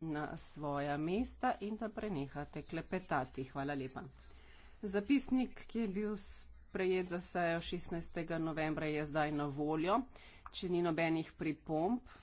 na svoja mesta in da prenehate klepetati. Hvala lepa. Zapisnik, ki je bil sprejet za sejo 16. novembra, je zdaj na voljo. Če ni nobenih pripomb,